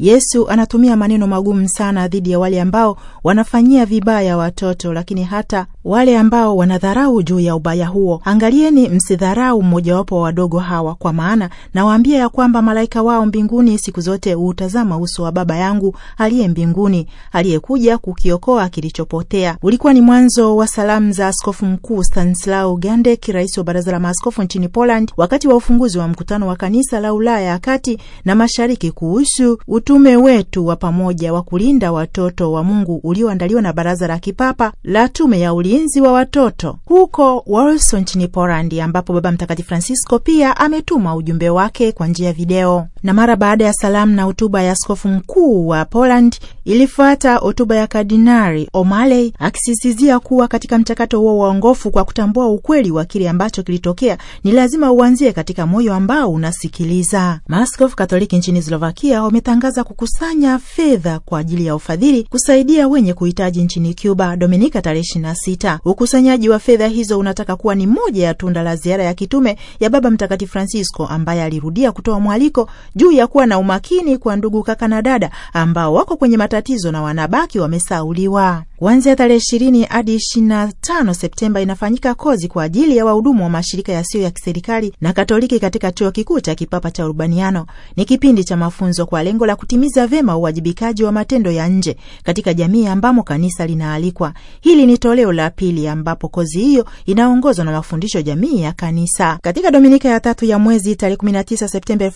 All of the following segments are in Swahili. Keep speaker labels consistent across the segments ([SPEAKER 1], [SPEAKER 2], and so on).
[SPEAKER 1] Yesu anatumia maneno magumu sana dhidi ya wale ambao wanafanyia vibaya watoto, lakini hata wale ambao wanadharau juu ya ubaya huo, angalieni msidharau mmojawapo wa wadogo hawa, kwa maana nawaambia ya kwamba malaika wao mbinguni siku zote huutazama uso wa Baba yangu aliye mbinguni, aliyekuja kukiokoa kilichopotea. Ulikuwa ni mwanzo wa salamu za askofu mkuu Stanislau Gandek, rais wa baraza la maaskofu nchini Poland, wakati wa ufunguzi wa mkutano wa kanisa la Ulaya ya kati na mashariki kuhusu utume wetu wa pamoja wa kulinda watoto wa Mungu ulioandaliwa na baraza la kipapa la tume ya Uli ulinzi wa watoto huko Warsaw nchini Polandi, ambapo Baba Mtakatifu Francisco pia ametuma ujumbe wake kwa njia ya video na mara baada ya salamu na hotuba ya askofu mkuu wa Poland ilifuata hotuba ya Kardinari O'Malley akisisitizia kuwa katika mchakato huo waongofu, kwa kutambua ukweli wa kile ambacho kilitokea, ni lazima uanzie katika moyo ambao unasikiliza. Maaskofu Katoliki nchini Slovakia wametangaza kukusanya fedha kwa ajili ya ufadhili kusaidia wenye kuhitaji nchini Cuba Dominika tarehe 26. Ukusanyaji wa fedha hizo unataka kuwa ni moja ya tunda la ziara ya kitume ya Baba Mtakatifu Francisco ambaye alirudia kutoa mwaliko juu ya kuwa na umakini kwa ndugu kaka na dada ambao wako kwenye matatizo na wanabaki wamesauliwa. Kuanzia tarehe ishirini hadi ishirini na tano Septemba inafanyika kozi kwa ajili ya wahudumu wa mashirika yasiyo ya kiserikali na Katoliki katika chuo kikuu cha kipapa cha Urbaniano. Ni kipindi cha mafunzo kwa lengo la kutimiza vema uwajibikaji wa matendo ya nje katika jamii ambamo kanisa linaalikwa. Hili ni toleo la pili ambapo kozi hiyo inaongozwa na mafundisho jamii ya kanisa. Katika dominika ya tatu ya mwezi tarehe tisa Septemba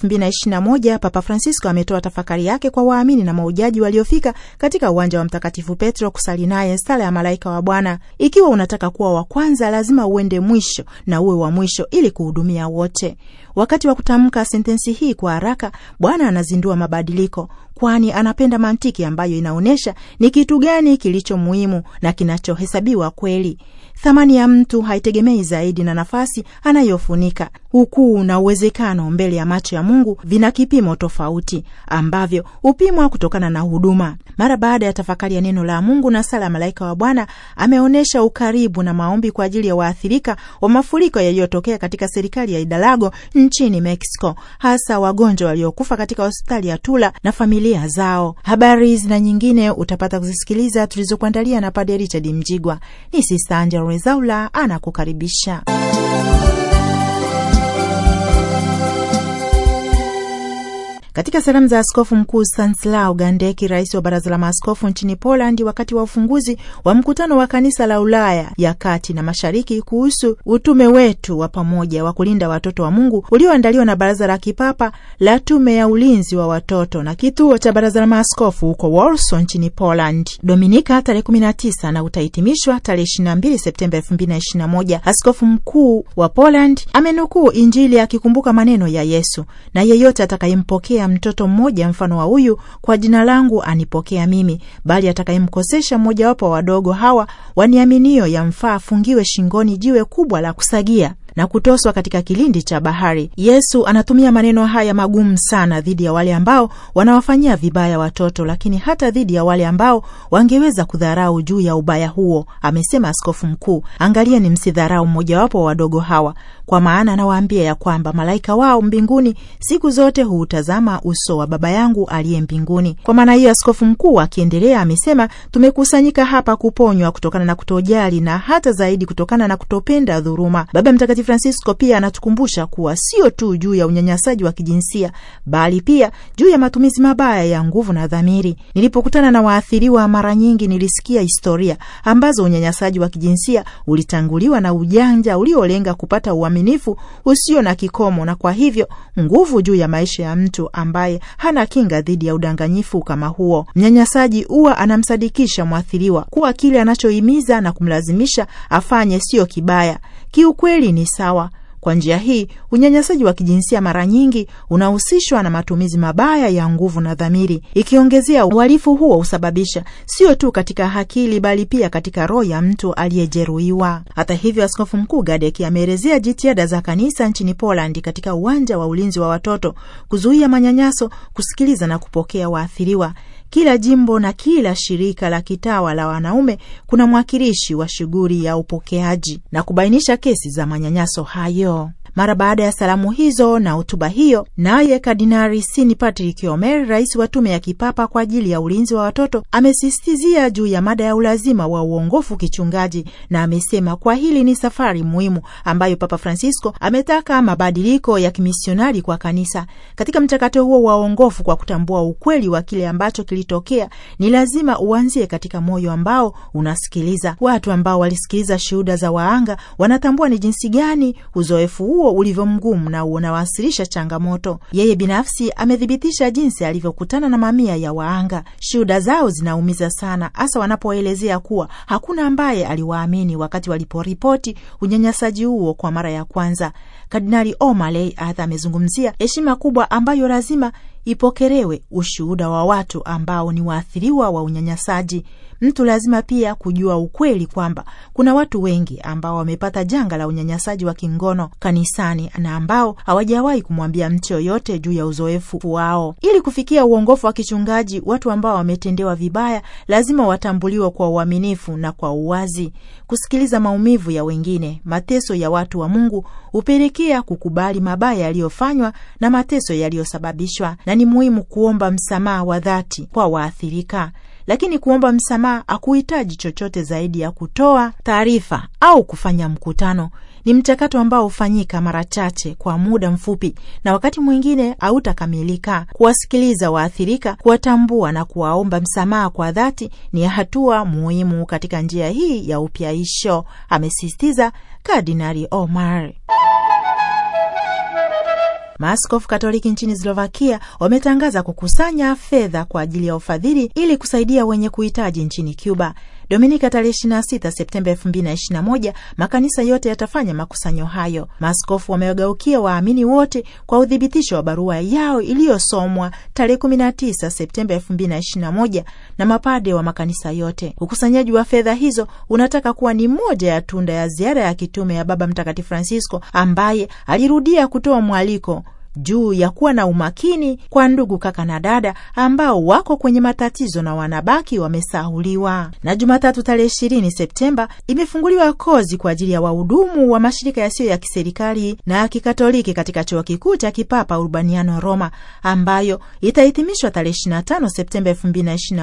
[SPEAKER 1] na moja Papa Francisco ametoa tafakari yake kwa waamini na maujaji waliofika katika uwanja wa Mtakatifu Petro kusali naye sala ya malaika wa Bwana. Ikiwa unataka kuwa wa kwanza, lazima uende mwisho na uwe wa mwisho ili kuhudumia wote. Wakati wa kutamka sentensi hii kwa haraka, Bwana anazindua mabadiliko, kwani anapenda mantiki ambayo inaonyesha ni kitu gani kilicho muhimu na kinachohesabiwa kweli. Thamani ya mtu haitegemei zaidi na nafasi anayofunika ukuu na uwezekano mbele ya macho ya Mungu vina kipimo tofauti ambavyo hupimwa kutokana na huduma. Mara baada ya tafakari ya neno la Mungu na sala ya malaika wa Bwana, ameonyesha ukaribu na maombi kwa ajili ya waathirika wa mafuriko yaliyotokea katika serikali ya Hidalgo nchini Mexico, hasa wagonjwa waliokufa katika hospitali ya Tula na familia zao. Habari hizi na nyingine utapata kuzisikiliza tulizokuandalia na Padre Richard Mjigwa. Ni Sista Angela Rezaula anakukaribisha. Katika salamu za askofu mkuu Stanislaw Gandeki, rais wa baraza la maaskofu nchini Polandi, wakati wa ufunguzi wa mkutano wa kanisa la Ulaya ya kati na mashariki kuhusu utume wetu wa pamoja wa kulinda watoto wa Mungu ulioandaliwa na baraza la kipapa la tume ya ulinzi wa watoto na kituo cha baraza la maaskofu huko Warsaw nchini Poland, Dominika tarehe 19 na utahitimishwa tarehe 22 Septemba 2021. Askofu mkuu wa Poland amenukuu Injili akikumbuka maneno ya Yesu, na yeyote atakayempokea akamtolea mtoto mmoja mfano wa huyu, kwa jina langu anipokea mimi, bali atakayemkosesha mmojawapo wa wadogo hawa waniaminio, yamfaa afungiwe shingoni jiwe kubwa la kusagia na kutoswa katika kilindi cha bahari. Yesu anatumia maneno haya magumu sana dhidi ya wale ambao wanawafanyia vibaya watoto, lakini hata dhidi ya wale ambao wangeweza kudharau juu ya ubaya huo. Amesema askofu mkuu, angalia, ni msidharau mmojawapo wa wadogo hawa. Kwa maana anawaambia ya kwamba malaika wao mbinguni siku zote huutazama uso wa Baba yangu aliye mbinguni. Kwa maana hiyo, askofu mkuu akiendelea amesema, tumekusanyika hapa kuponywa kutokana na kutojali na hata zaidi kutokana na kutopenda dhuruma. Baba Mtakatifu Francisco pia anatukumbusha kuwa sio tu juu ya unyanyasaji wa kijinsia, bali pia juu ya matumizi mabaya ya nguvu na dhamiri. Nilipokutana na waathiriwa, mara nyingi nilisikia historia ambazo unyanyasaji wa kijinsia ulitanguliwa na ujanja uliolenga kupata uaminifu uaminifu usio na kikomo, na kwa hivyo nguvu juu ya maisha ya mtu ambaye hana kinga dhidi ya udanganyifu kama huo. Mnyanyasaji huwa anamsadikisha mwathiriwa kuwa kile anachohimiza na kumlazimisha afanye sio kibaya, kiukweli ni sawa kwa njia hii, unyanyasaji wa kijinsia mara nyingi unahusishwa na matumizi mabaya ya nguvu na dhamiri, ikiongezea uhalifu huo husababisha sio tu katika akili, bali pia katika roho ya mtu aliyejeruhiwa. Hata hivyo, Askofu Mkuu Gadek ameelezea jitihada za kanisa nchini Polandi katika uwanja wa ulinzi wa watoto, kuzuia manyanyaso, kusikiliza na kupokea waathiriwa kila jimbo na kila shirika la kitawa la wanaume kuna mwakilishi wa shughuli ya upokeaji na kubainisha kesi za manyanyaso hayo. Mara baada ya salamu hizo na hotuba hiyo, naye Kardinari sin Patrick Omer, rais wa tume ya kipapa kwa ajili ya ulinzi wa watoto, amesisitizia juu ya mada ya ulazima wa uongofu kichungaji, na amesema kwa hili ni safari muhimu ambayo Papa Francisco ametaka mabadiliko ya kimisionari kwa kanisa. Katika mchakato huo wa uongofu, kwa kutambua ukweli wa kile ambacho kilitokea, ni lazima uanzie katika moyo ambao unasikiliza. Watu ambao walisikiliza shuhuda za waanga wanatambua ni jinsi gani uzoefu huo huo ulivyo mgumu na unawasilisha changamoto. Yeye binafsi amethibitisha jinsi alivyokutana na mamia ya waanga Shuhuda zao zinaumiza sana, hasa wanapoelezea kuwa hakuna ambaye aliwaamini wakati waliporipoti unyanyasaji huo kwa mara ya kwanza. Kardinali O'Malley Arthur amezungumzia heshima kubwa ambayo lazima ipokelewe ushuhuda wa watu ambao ni waathiriwa wa unyanyasaji. Mtu lazima pia kujua ukweli kwamba kuna watu wengi ambao wamepata janga la unyanyasaji wa kingono kanisani na ambao hawajawahi kumwambia mtu yoyote juu ya uzoefu wao. Ili kufikia uongofu wa kichungaji, watu ambao wametendewa vibaya lazima watambuliwe kwa uaminifu na kwa uwazi. Kusikiliza maumivu ya wengine, mateso ya watu wa Mungu upelekea pia kukubali mabaya yaliyofanywa na mateso yaliyosababishwa, na ni muhimu kuomba msamaha wa dhati kwa waathirika. Lakini kuomba msamaha hakuhitaji chochote zaidi ya kutoa taarifa au kufanya mkutano. Ni mchakato ambao hufanyika mara chache kwa muda mfupi, na wakati mwingine hautakamilika. Kuwasikiliza waathirika, kuwatambua na kuwaomba msamaha kwa dhati ni hatua muhimu katika njia hii ya upyaisho, amesisitiza Kardinali Omar. Maaskofu Katoliki nchini Slovakia wametangaza kukusanya fedha kwa ajili ya ufadhili ili kusaidia wenye kuhitaji nchini Cuba. Dominika tarehe ishirini na sita Septemba elfu mbili na na moja makanisa yote yatafanya makusanyo hayo. Maaskofu wamewagaukia waamini wote kwa uthibitisho wa barua yao iliyosomwa tarehe kumi na tisa Septemba elfu mbili na na moja na mapade wa makanisa yote. Ukusanyaji wa fedha hizo unataka kuwa ni moja ya tunda ya ziara ya kitume ya Baba Mtakatifu Francisco ambaye alirudia kutoa mwaliko juu ya kuwa na umakini kwa ndugu kaka na dada ambao wako kwenye matatizo na wanabaki wamesahuliwa. Na Jumatatu tarehe ishirini Septemba imefunguliwa kozi kwa ajili ya wahudumu wa mashirika yasiyo ya kiserikali na ya kikatoliki katika chuo kikuu cha kipapa Urbaniano Roma, ambayo itahitimishwa tarehe tano Septemba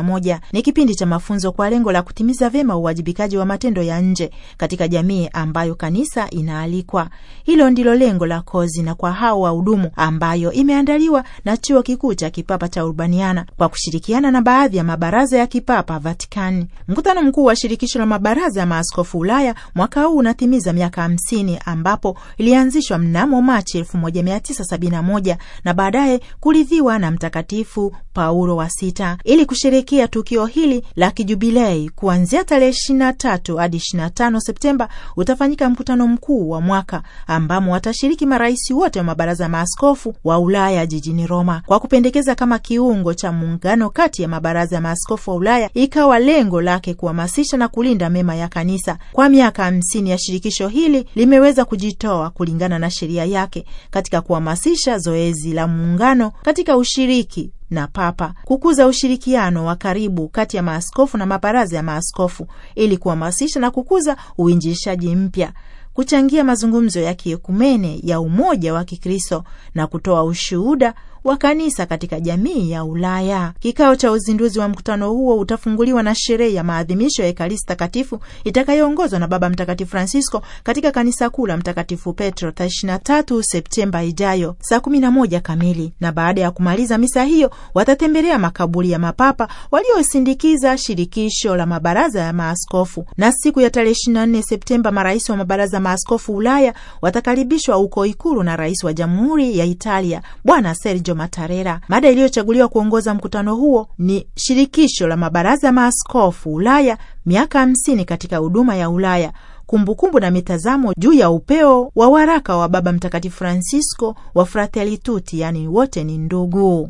[SPEAKER 1] moja. Ni kipindi cha mafunzo kwa lengo la kutimiza vyema uwajibikaji wa matendo ya nje katika jamii ambayo kanisa inaalikwa. Hilo ndilo lengo la kozi, na kwa hao wahudumu ambayo imeandaliwa na chuo kikuu cha kipapa cha Urbaniana kwa kushirikiana na baadhi ya mabaraza ya kipapa Vatikani. Mkutano mkuu wa shirikisho la mabaraza ya maaskofu Ulaya mwaka huu unatimiza miaka hamsini ambapo ilianzishwa mnamo Machi 1971 na baadaye kuridhiwa na Mtakatifu Paulo wa Sita ili kusherekea tukio hili la kijubilei. Kuanzia tarehe 23 hadi 25 Septemba utafanyika mkutano mkuu wa mwaka ambamo watashiriki marais wote wa mabaraza maaskofu maaskofu wa Ulaya jijini Roma kwa kupendekeza kama kiungo cha muungano kati ya mabaraza ya maaskofu wa Ulaya, ikawa lengo lake kuhamasisha na kulinda mema ya kanisa. Kwa miaka hamsini ya shirikisho hili limeweza kujitoa kulingana na sheria yake katika kuhamasisha zoezi la muungano katika ushiriki na Papa, kukuza ushirikiano wa karibu kati ya maaskofu na mabaraza ya maaskofu ili kuhamasisha na kukuza uinjilishaji mpya kuchangia mazungumzo ya kiekumene ya umoja wa Kikristo na kutoa ushuhuda wa kanisa katika jamii ya Ulaya. Kikao cha uzinduzi wa mkutano huo utafunguliwa na sherehe ya maadhimisho ya Ekaristi Takatifu itakayoongozwa na Baba Mtakatifu Francisco katika kanisa kuu la Mtakatifu Petro tarehe 23 Septemba ijayo saa 11 kamili, na baada ya kumaliza misa hiyo watatembelea makaburi ya mapapa waliosindikiza shirikisho la mabaraza ya maaskofu, na siku ya tarehe 24 Septemba marais wa mabaraza maaskofu Ulaya watakaribishwa huko Ikulu na rais wa jamhuri ya Italia Bwana Sergio Sergio Mattarella. Mada iliyochaguliwa kuongoza mkutano huo ni shirikisho la mabaraza ya maaskofu Ulaya, miaka hamsini katika huduma ya Ulaya, kumbukumbu na mitazamo juu ya upeo wa waraka wa Baba Mtakatifu Francisco wa Fratelli Tutti, yaani wote ni ndugu.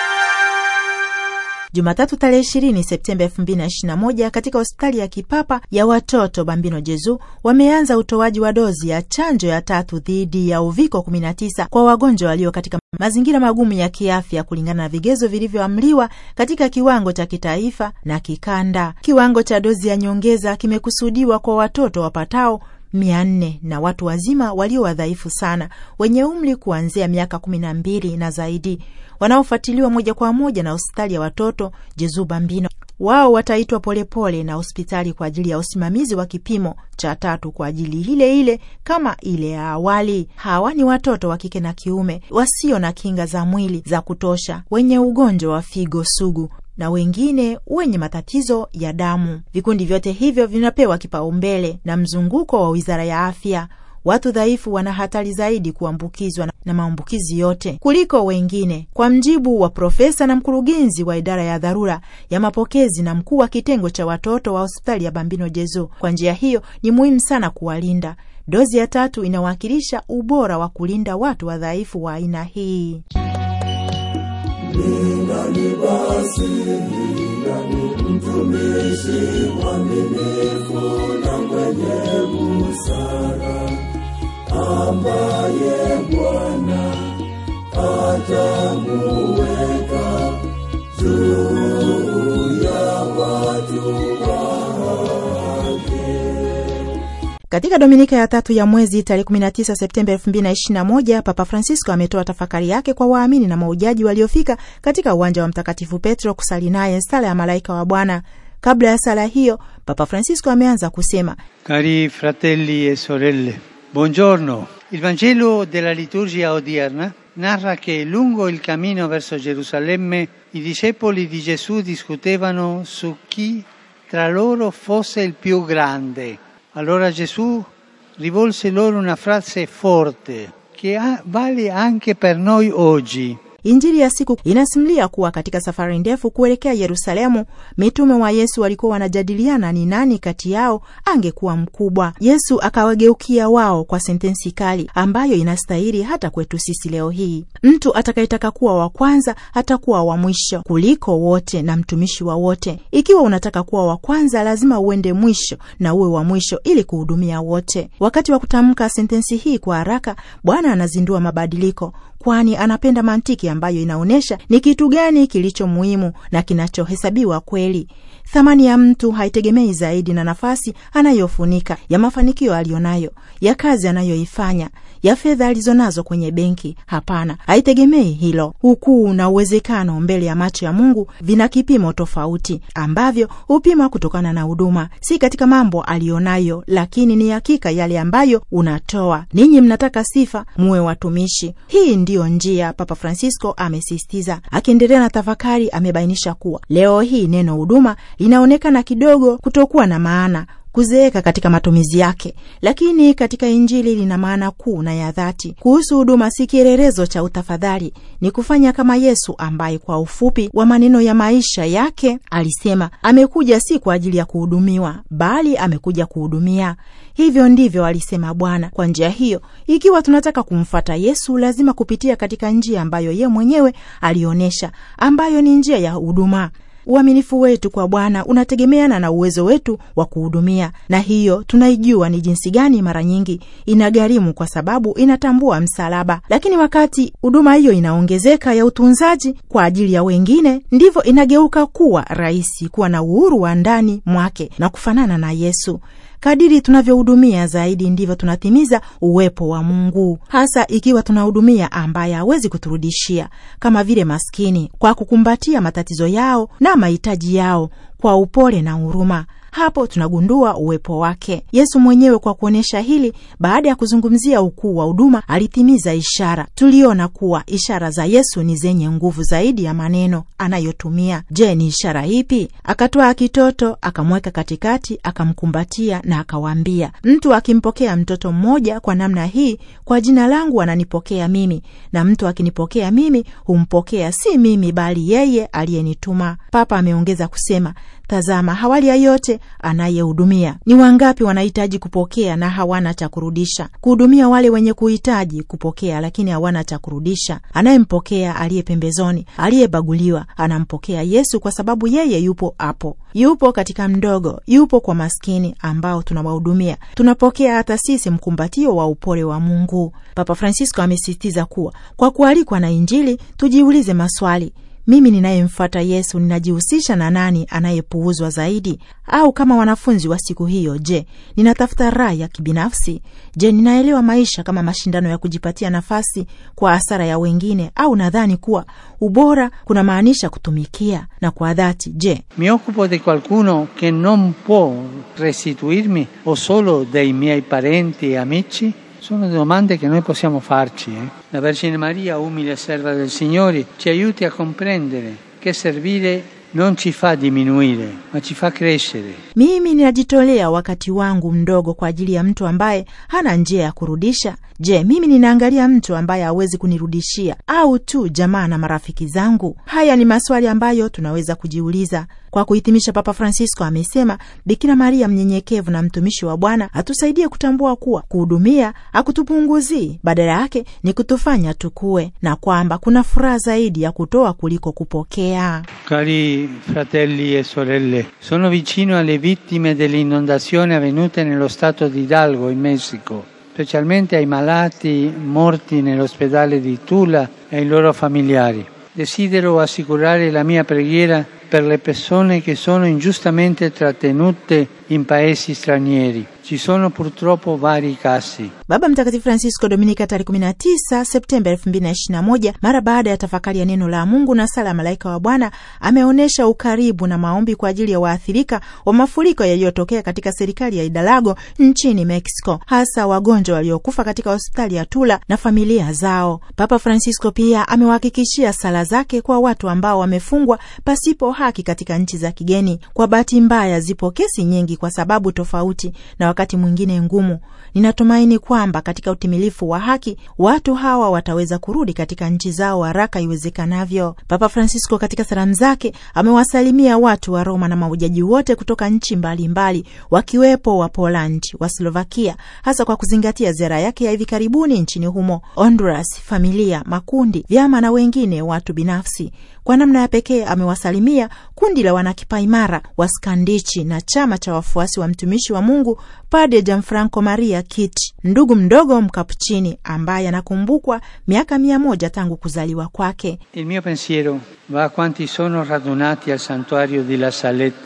[SPEAKER 1] Jumatatu tarehe ishirini Septemba elfu mbili na ishirini na moja katika hospitali ya kipapa ya watoto Bambino Jezu wameanza utoaji wa dozi ya chanjo ya tatu dhidi ya uviko 19 kwa wagonjwa walio katika mazingira magumu ya kiafya kulingana na vigezo vilivyoamliwa katika kiwango cha kitaifa na kikanda. Kiwango cha dozi ya nyongeza kimekusudiwa kwa watoto wapatao mia nne na watu wazima walio wadhaifu sana wenye umri kuanzia miaka kumi na mbili na zaidi wanaofuatiliwa moja kwa moja na hospitali ya watoto Jezu Bambino. Wao wataitwa polepole na hospitali kwa ajili ya usimamizi wa kipimo cha tatu kwa ajili ile ile kama ile ya awali. Hawa ni watoto wa kike na kiume wasio na kinga za mwili za kutosha, wenye ugonjwa wa figo sugu, na wengine wenye matatizo ya damu. Vikundi vyote hivyo vinapewa kipaumbele na mzunguko wa Wizara ya Afya. Watu dhaifu wana hatari zaidi kuambukizwa na maambukizi yote kuliko wengine, kwa mjibu wa profesa na mkurugenzi wa idara ya dharura ya mapokezi na mkuu wa kitengo cha watoto wa hospitali ya Bambino Jezu. Kwa njia hiyo, ni muhimu sana kuwalinda. Dozi ya tatu inawakilisha ubora wa kulinda watu wadhaifu wa aina hii
[SPEAKER 2] ni nani basi ni mtumishi mwaminifu
[SPEAKER 3] na mwenye ambaye bwana atamua
[SPEAKER 1] Katika dominika ya tatu ya mwezi tarehe 19 Septemba 2021 Papa Francisco ametoa tafakari yake kwa waamini na maujaji waliofika katika uwanja wa Mtakatifu Petro kusali naye sala ya malaika wa Bwana. Kabla ya sala hiyo, Papa Francisco ameanza kusema:
[SPEAKER 3] kari fratelli e sorelle buongiorno il vangelo della liturgia odierna narra che lungo il cammino verso Gerusalemme i discepoli di Gesù discutevano su chi tra loro fosse il più grande Allora Gesù rivolse loro una frase forte che
[SPEAKER 1] vale anche per noi oggi. Injili ya siku inasimulia kuwa katika safari ndefu kuelekea Yerusalemu, mitume wa Yesu walikuwa wanajadiliana ni nani kati yao angekuwa mkubwa. Yesu akawageukia wao kwa sentensi kali ambayo inastahili hata kwetu sisi leo hii: mtu atakayetaka kuwa wa kwanza atakuwa wa mwisho kuliko wote na mtumishi wa wote. Ikiwa unataka kuwa wa kwanza, lazima uende mwisho na uwe wa mwisho ili kuhudumia wote. Wakati wa kutamka sentensi hii kwa haraka, Bwana anazindua mabadiliko kwani anapenda mantiki ambayo inaonyesha ni kitu gani kilicho muhimu na kinachohesabiwa kweli. Thamani ya mtu haitegemei zaidi na nafasi anayofunika ya mafanikio aliyonayo, ya kazi anayoifanya, ya fedha alizo nazo kwenye benki. Hapana, haitegemei hilo. Ukuu na uwezekano mbele ya macho ya Mungu vina kipimo tofauti ambavyo hupima kutokana na huduma, si katika mambo nayo lakini ni hakika yale ambayo unatoa. Ninyi mnataka sifa, muwe watumishi. Hii ndiyo njia, Papa Francisco amesisitiza. Akiendelea na tafakari, amebainisha kuwa leo hii neno huduma linaonekana kidogo kutokuwa na maana kuzeeka katika matumizi yake, lakini katika Injili lina maana kuu na ya dhati kuhusu huduma. Si kielelezo cha utafadhali, ni kufanya kama Yesu ambaye kwa ufupi wa maneno ya maisha yake alisema amekuja si kwa ajili ya kuhudumiwa, bali amekuja kuhudumia. Hivyo ndivyo alisema Bwana. Kwa njia hiyo, ikiwa tunataka kumfata Yesu, lazima kupitia katika njia ambayo ye mwenyewe alionyesha, ambayo ni njia ya huduma. Uaminifu wetu kwa Bwana unategemeana na uwezo wetu wa kuhudumia, na hiyo tunaijua ni jinsi gani mara nyingi inagharimu, kwa sababu inatambua msalaba. Lakini wakati huduma hiyo inaongezeka ya utunzaji kwa ajili ya wengine, ndivyo inageuka kuwa rahisi kuwa na uhuru wa ndani mwake na kufanana na Yesu. Kadiri tunavyohudumia zaidi, ndivyo tunatimiza uwepo wa Mungu, hasa ikiwa tunahudumia ambaye hawezi kuturudishia, kama vile maskini, kwa kukumbatia matatizo yao na mahitaji yao kwa upole na huruma hapo tunagundua uwepo wake. Yesu mwenyewe kwa kuonyesha hili, baada ya kuzungumzia ukuu wa huduma, alitimiza ishara. Tuliona kuwa ishara za Yesu ni zenye nguvu zaidi ya maneno anayotumia. Je, ni ishara ipi? akatoa kitoto akamweka katikati, akamkumbatia na akawaambia, mtu akimpokea mtoto mmoja kwa namna hii, kwa jina langu ananipokea mimi, na mtu akinipokea mimi, humpokea si mimi, bali yeye aliyenituma. Papa ameongeza kusema Tazama, hawali ya yote anayehudumia. Ni wangapi wanahitaji kupokea na hawana cha kurudisha? Kuhudumia wale wenye kuhitaji kupokea, lakini hawana cha kurudisha. Anayempokea aliye pembezoni, aliyebaguliwa, anampokea Yesu kwa sababu yeye yupo hapo, yupo katika mdogo, yupo kwa maskini ambao tunawahudumia. Tunapokea hata sisi mkumbatio wa upole wa Mungu. Papa Francisco amesisitiza kuwa kwa kualikwa na Injili tujiulize maswali mimi ninayemfuata Yesu ninajihusisha na nani anayepuuzwa zaidi? Au kama wanafunzi wa siku hiyo, je, ninatafuta raha ya kibinafsi? Je, ninaelewa maisha kama mashindano ya kujipatia nafasi kwa hasara ya wengine, au nadhani kuwa ubora kuna maanisha kutumikia na kwa dhati?
[SPEAKER 3] Je, mi occupo di qualcuno che non può restituirmi o solo dei miei parenti e amici? Sono domande che noi possiamo farci. Eh? La Vergine Maria, umile serva del Signore, ci aiuti a comprendere che servire non ci fa diminuire, ma ci fa crescere.
[SPEAKER 1] Mimi ninajitolea wakati wangu mdogo kwa ajili ya mtu ambaye hana njia ya kurudisha. Je, mimi ninaangalia mtu ambaye hawezi kunirudishia au tu jamaa na marafiki zangu? Haya ni maswali ambayo tunaweza kujiuliza kwa kuhitimisha, Papa Francisco amesema Bikira Maria mnyenyekevu na mtumishi wa Bwana atusaidie kutambua kuwa kuhudumia akutupunguzii badala yake ni kutufanya tukue, na kwamba kuna furaha zaidi ya kutoa kuliko kupokea.
[SPEAKER 3] Cari fratelli e sorelle, sono vicino alle vittime dell'inondazione avvenute nello stato di Hidalgo in Messico specialmente ai malati morti nell'ospedale di Tula e ai loro familiari. Desidero assicurare la mia preghiera per le persone che sono ingiustamente trattenute in paesi stranieri. Ci sono purtroppo vari casi.
[SPEAKER 1] Baba Mtakatifu Francisco Dominika tarehe 19 Septemba 2021 mara baada ya tafakari ya neno la Mungu na sala ya malaika wa Bwana ameonyesha ukaribu na maombi kwa ajili ya waathirika wa mafuriko yaliyotokea katika serikali ya Hidalgo nchini Mexico, hasa wagonjwa waliokufa katika hospitali ya Tula na familia zao. Papa Francisco pia amewahakikishia sala zake kwa watu ambao wamefungwa pasipo haki katika nchi za kigeni. Kwa bahati mbaya, zipo kesi nyingi kwa sababu tofauti na wakati mwingine ngumu. Ninatumaini kwamba katika utimilifu wa haki watu hawa wataweza kurudi katika nchi zao haraka iwezekanavyo. Papa Francisco katika salamu zake amewasalimia watu wa Roma na mahujaji wote kutoka nchi mbalimbali mbali, wakiwepo wa Poland, wa Slovakia, hasa kwa kuzingatia ziara yake ya hivi karibuni nchini humo, Honduras, familia, makundi, vyama na wengine watu binafsi. Kwa namna ya pekee amewasalimia kundi la wanakipaimara, Skandichi na chama cha mfuasi wa mtumishi wa Mungu Padre Gianfranco Maria Kiti, ndugu mdogo mkapuchini ambaye anakumbukwa miaka mia moja tangu kuzaliwa kwake.
[SPEAKER 3] Il mio pensiero va a quanti sono radunati al santuario di La Salette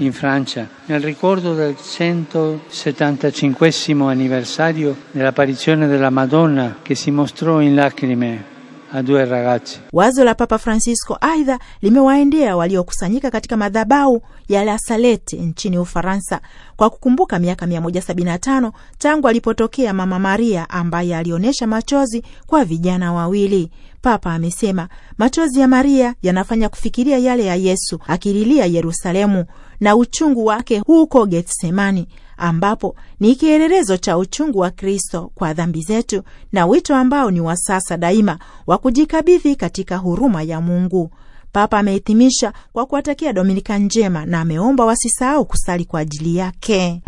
[SPEAKER 3] in Francia nel ricordo del 175 anniversario dell'apparizione della Madonna che si mostrò in
[SPEAKER 1] lacrime a due ragazzi. Wazo la Papa Francisco aidha limewaendea waliokusanyika katika madhabahu ya La Salette nchini Ufaransa kwa kukumbuka miaka 175 tangu alipotokea Mama Maria ambaye alionyesha machozi kwa vijana wawili. Papa amesema machozi ya Maria yanafanya kufikiria yale ya Yesu akililia Yerusalemu na uchungu wake huko Getsemani ambapo ni kielelezo cha uchungu wa Kristo kwa dhambi zetu na wito ambao ni wa sasa daima wa kujikabidhi katika huruma ya Mungu. Papa amehitimisha kwa kuwatakia Dominika njema na ameomba wasisahau kusali kwa ajili yake.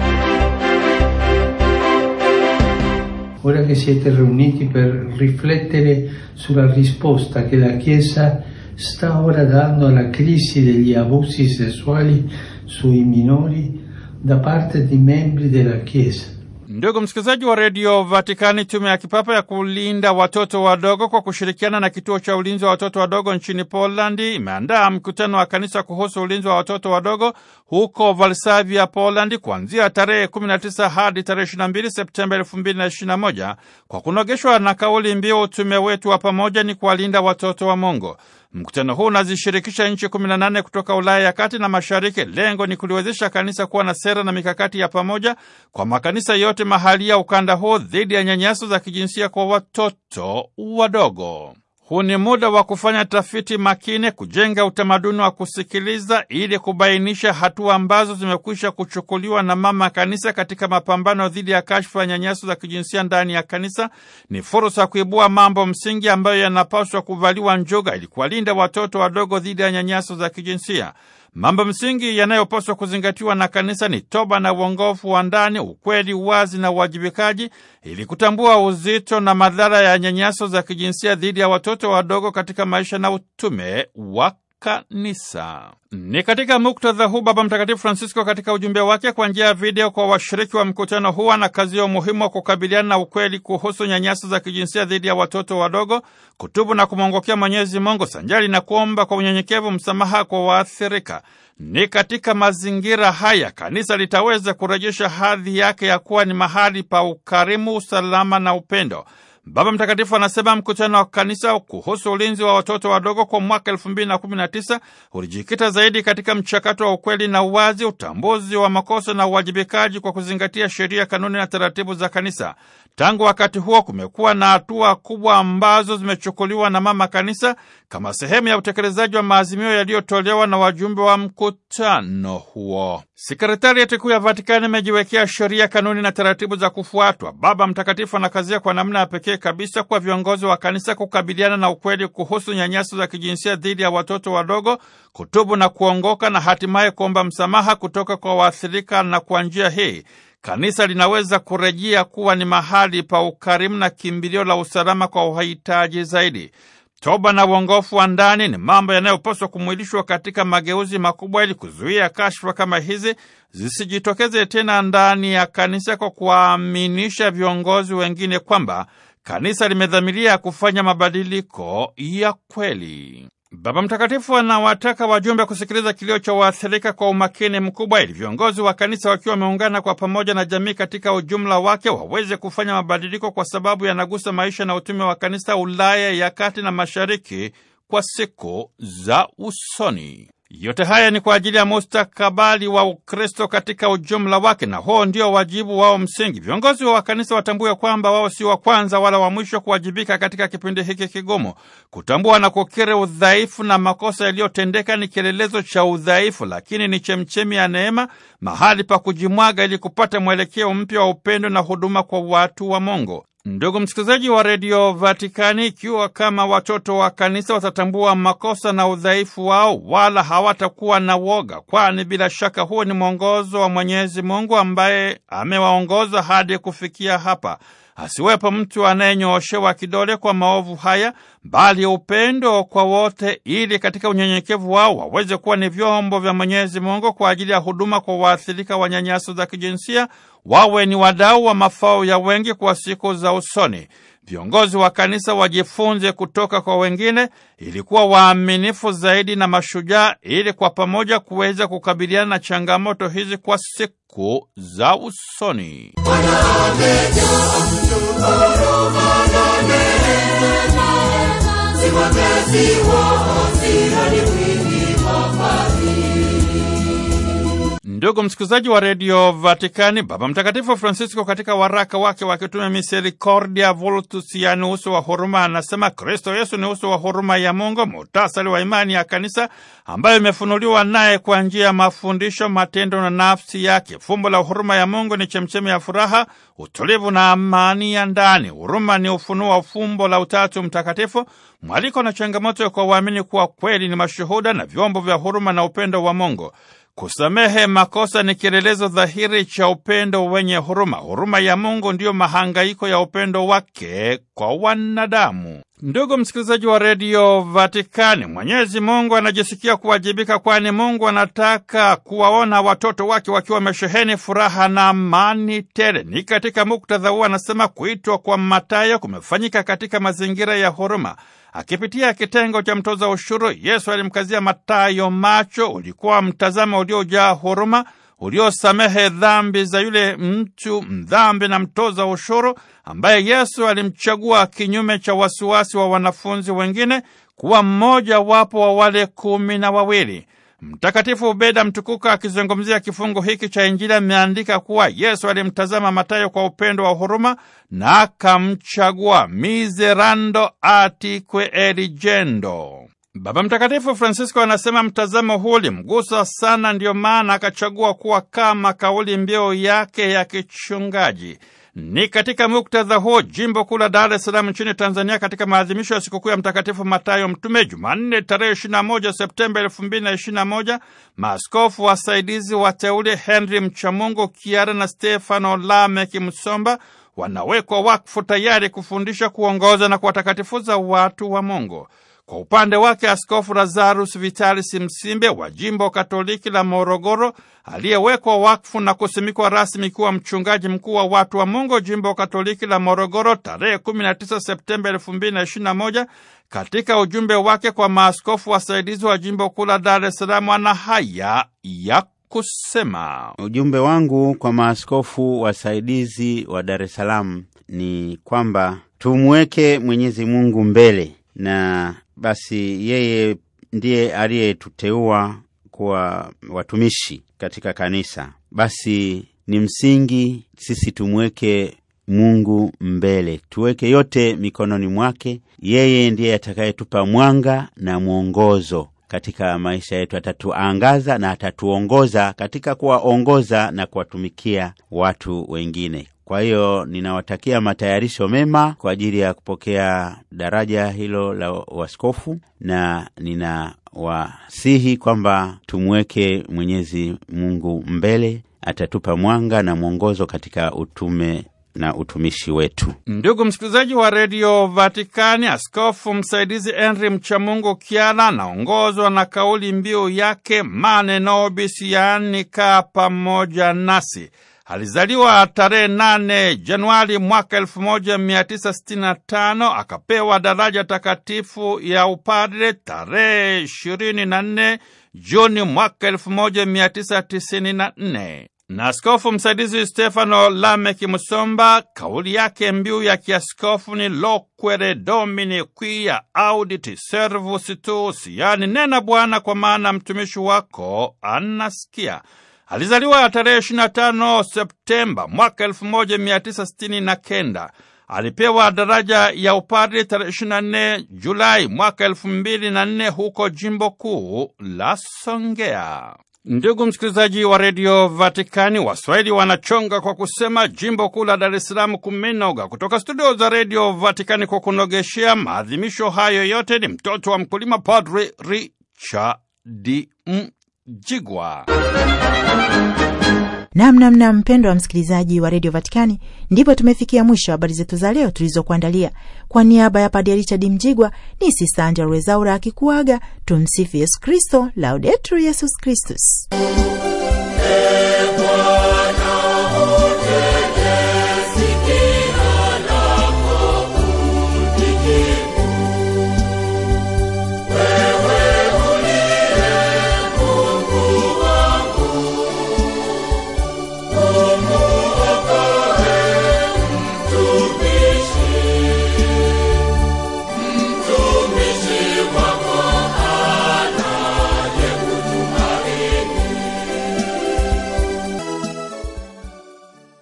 [SPEAKER 3] Ora che siete riuniti per riflettere sulla risposta che la Chiesa sta ora dando alla crisi degli abusi sessuali sui minori da parte di membri della Chiesa.
[SPEAKER 4] Ndugu msikilizaji wa redio Vatikani, tume ya kipapa ya kulinda watoto wadogo kwa kushirikiana na kituo cha ulinzi wa watoto wadogo nchini Polandi imeandaa mkutano wa kanisa kuhusu ulinzi wa watoto wadogo huko Varsavia, Polandi, kuanzia tarehe 19 hadi tarehe 22 Septemba 2021 kwa kunogeshwa na kauli mbiu, utume wetu wa pamoja ni kuwalinda watoto wa Mungu. Mkutano huu unazishirikisha nchi 18 kutoka Ulaya ya kati na mashariki. Lengo ni kuliwezesha kanisa kuwa na sera na mikakati ya pamoja kwa makanisa yote mahali ya ukanda huu dhidi ya nyanyaso za kijinsia kwa watoto wadogo. Huu ni muda wa kufanya tafiti makini, kujenga utamaduni wa kusikiliza ili kubainisha hatua ambazo zimekwisha kuchukuliwa na mama kanisa katika mapambano dhidi ya kashfa ya nyanyaso za kijinsia ndani ya kanisa. Ni fursa ya kuibua mambo msingi ambayo yanapaswa kuvaliwa njuga ili kuwalinda watoto wadogo dhidi ya nyanyaso za kijinsia. Mambo msingi yanayopaswa kuzingatiwa na kanisa ni toba na uongofu wa ndani, ukweli, uwazi na uwajibikaji, ili kutambua uzito na madhara ya nyanyaso za kijinsia dhidi ya watoto wadogo katika maisha na utume wa kanisa. Ni katika muktadha huu Baba Mtakatifu Francisco katika ujumbe wake kwa njia ya video kwa washiriki wa mkutano huu ya umuhimu wa kukabiliana na ukweli kuhusu nyanyasa za kijinsia dhidi ya watoto wadogo, kutubu na kumwongokea Mwenyezi Mungu sanjali na kuomba kwa unyenyekevu msamaha kwa waathirika. Ni katika mazingira haya kanisa litaweza kurejesha hadhi yake ya kuwa ni mahali pa ukarimu, usalama na upendo. Baba Mtakatifu anasema mkutano wa kanisa kuhusu ulinzi wa watoto wadogo kwa mwaka elfu mbili na kumi na tisa ulijikita zaidi katika mchakato wa ukweli na uwazi, utambuzi wa makosa na uwajibikaji kwa kuzingatia sheria, kanuni na taratibu za kanisa. Tangu wakati huo kumekuwa na hatua kubwa ambazo zimechukuliwa na mama kanisa kama sehemu ya utekelezaji wa maazimio yaliyotolewa na wajumbe wa mkutano huo. Sekretarieti kuu ya Vatikani imejiwekea sheria, kanuni na taratibu za kufuatwa. Baba Mtakatifu anakazia kwa namna ya pekee kabisa kwa viongozi wa kanisa kukabiliana na ukweli kuhusu nyanyaso za kijinsia dhidi ya watoto wadogo, kutubu na kuongoka, na hatimaye kuomba msamaha kutoka kwa waathirika, na kwa njia hii Kanisa linaweza kurejea kuwa ni mahali pa ukarimu na kimbilio la usalama kwa wahitaji zaidi. Toba na uongofu wa ndani ni mambo yanayopaswa kumwilishwa katika mageuzi makubwa ili kuzuia kashfa kama hizi zisijitokeze tena ndani ya kanisa kwa kuwaaminisha viongozi wengine kwamba kanisa limedhamiria kufanya mabadiliko ya kweli. Baba Mtakatifu anawataka wajumbe kusikiliza kilio cha waathirika kwa umakini mkubwa, ili viongozi wa kanisa wakiwa wameungana kwa pamoja na jamii katika ujumla wake waweze kufanya mabadiliko, kwa sababu yanagusa maisha na utume wa kanisa Ulaya ya kati na mashariki kwa siku za usoni. Yote haya ni kwa ajili ya mustakabali wa Ukristo katika ujumla wake, na huo ndio wajibu wao msingi. Viongozi wa kanisa watambue kwamba wao si wa kwanza wala wa mwisho kuwajibika katika kipindi hiki kigumu. Kutambua na kukiri udhaifu na makosa yaliyotendeka ni kielelezo cha udhaifu, lakini ni chemchemi ya neema, mahali pa kujimwaga ili kupata mwelekeo mpya wa upendo na huduma kwa watu wa Mungu. Ndugu msikilizaji wa redio Vatikani, ikiwa kama watoto wa kanisa watatambua makosa na udhaifu wao, wala hawatakuwa na woga, kwani bila shaka huo ni mwongozo wa Mwenyezi Mungu ambaye amewaongoza hadi kufikia hapa asiwepo mtu anayenyooshewa kidole kwa maovu haya, bali upendo kwa wote, ili katika unyenyekevu wao waweze kuwa ni vyombo vya Mwenyezi Mungu kwa ajili ya huduma kwa waathirika wa nyanyaso za kijinsia, wawe ni wadau wa mafao ya wengi kwa siku za usoni. Viongozi wa kanisa wajifunze kutoka kwa wengine ili kuwa waaminifu zaidi na mashujaa, ili kwa pamoja kuweza kukabiliana na changamoto hizi kwa siku zako za usoni. Ndugu msikilizaji wa redio Vatikani, Baba Mtakatifu Francisco katika waraka wake wa kitume Misericordia Vultus, yaani uso wa huruma, anasema Kristo Yesu ni uso wa huruma ya Mungu, muhtasari wa imani ya Kanisa ambayo imefunuliwa naye kwa njia ya mafundisho, matendo na nafsi yake. Fumbo la huruma ya Mungu ni chemchemi ya furaha, utulivu na amani ya ndani. Huruma ni ufunuo wa fumbo la Utatu Mtakatifu, mwaliko na changamoto kwa waamini kuwa kweli ni mashuhuda na vyombo vya huruma na upendo wa Mungu. Kusamehe makosa ni kielelezo dhahiri cha upendo wenye huruma. Huruma ya Mungu ndiyo mahangaiko ya upendo wake kwa wanadamu. Ndugu msikilizaji wa redio Vatikani, Mwenyezi Mungu anajisikia kuwajibika, kwani Mungu anataka kuwaona watoto wake wakiwa wamesheheni furaha na amani tele. Ni katika muktadha huo anasema kuitwa kwa matayo kumefanyika katika mazingira ya huruma. Akipitia kitengo cha mtoza ushuru, Yesu alimkazia matayo macho. Ulikuwa mtazamo uliojaa huruma uliosamehe dhambi za yule mtu mdhambi na mtoza ushuru ambaye Yesu alimchagua kinyume cha wasiwasi wa wanafunzi wengine kuwa mmoja wapo wa wale kumi na wawili. Mtakatifu ubeda Mtukuka akizungumzia kifungu hiki cha Injili ameandika kuwa Yesu alimtazama Matayo kwa upendo wa huruma na akamchagua, miserando atque eligendo. Baba Mtakatifu Francisco anasema mtazamo huu ulimgusa sana, ndiyo maana akachagua kuwa kama kauli mbiu yake ya kichungaji. Ni katika muktadha huo jimbo kuu la Dar es Salaam nchini Tanzania, katika maadhimisho ya sikukuu ya Mtakatifu Matayo Mtume, Jumanne tarehe 21 Septemba 2021, maaskofu wasaidizi wateule Henry Mchamungu Kiara na Stefano Lameki Msomba wanawekwa wakfu tayari kufundisha, kuongoza na kuwatakatifuza watu wa Mungu. Kwa upande wake Askofu Lazarus Vitalis Msimbe wa jimbo Katoliki la Morogoro, aliyewekwa wakfu na kusimikwa rasmi kuwa mchungaji mkuu wa watu wa Mungu jimbo Katoliki la Morogoro tarehe 19 Septemba 2021, katika ujumbe wake kwa maaskofu wasaidizi wa jimbo kuu la Dar es Salaam, ana haya ya kusema:
[SPEAKER 2] ujumbe wangu kwa maaskofu wasaidizi wa Dar es Salaam ni kwamba tumweke Mwenyezi Mungu mbele na basi yeye ndiye aliyetuteua kuwa watumishi katika kanisa, basi ni msingi sisi tumweke Mungu mbele, tuweke yote mikononi mwake. Yeye ndiye atakayetupa mwanga na mwongozo katika maisha yetu, atatuangaza na atatuongoza katika kuwaongoza na kuwatumikia watu wengine. Kwa hiyo ninawatakia matayarisho mema kwa ajili ya kupokea daraja hilo la waskofu, na ninawasihi kwamba tumweke Mwenyezi Mungu mbele, atatupa mwanga na mwongozo katika utume na utumishi wetu.
[SPEAKER 4] Ndugu msikilizaji wa redio Vatikani, askofu msaidizi Henry Mchamungu Kyala anaongozwa na kauli mbiu yake Mane Nobis, yaani kaa pamoja nasi. Alizaliwa tarehe nane Januari mwaka 1965 akapewa daraja takatifu ya upadre tarehe 24 Juni mwaka 1994 na askofu msaidizi Stefano Lameki Musomba, kauli yake mbiu ya kiaskofu ni Loquere Domini quia audit servus tuus, yaani nena Bwana, kwa maana mtumishi wako anasikia. Alizaliwa tarehe 25 Septemba mwaka 1969. Alipewa daraja ya upadri tarehe 24 Julai mwaka 2004 huko jimbo kuu la Songea. Ndugu msikilizaji wa redio Vatikani, Waswahili wanachonga kwa kusema jimbo kuu la Dar es Salaam kumenoga. Kutoka studio za redio Vatikani kwa kunogeshea maadhimisho hayo yote ni mtoto wa mkulima, Padri Richard Jigwa.
[SPEAKER 1] Namnamna mpendwa wa msikilizaji wa redio Vatikani, ndipo tumefikia mwisho habari zetu za leo tulizokuandalia. Kwa niaba ya Padre Richard Mjigwa ni Sisanja Rwezaura akikuaga. Tumsifu Yesu Kristo, Laudetur Yesus Kristus.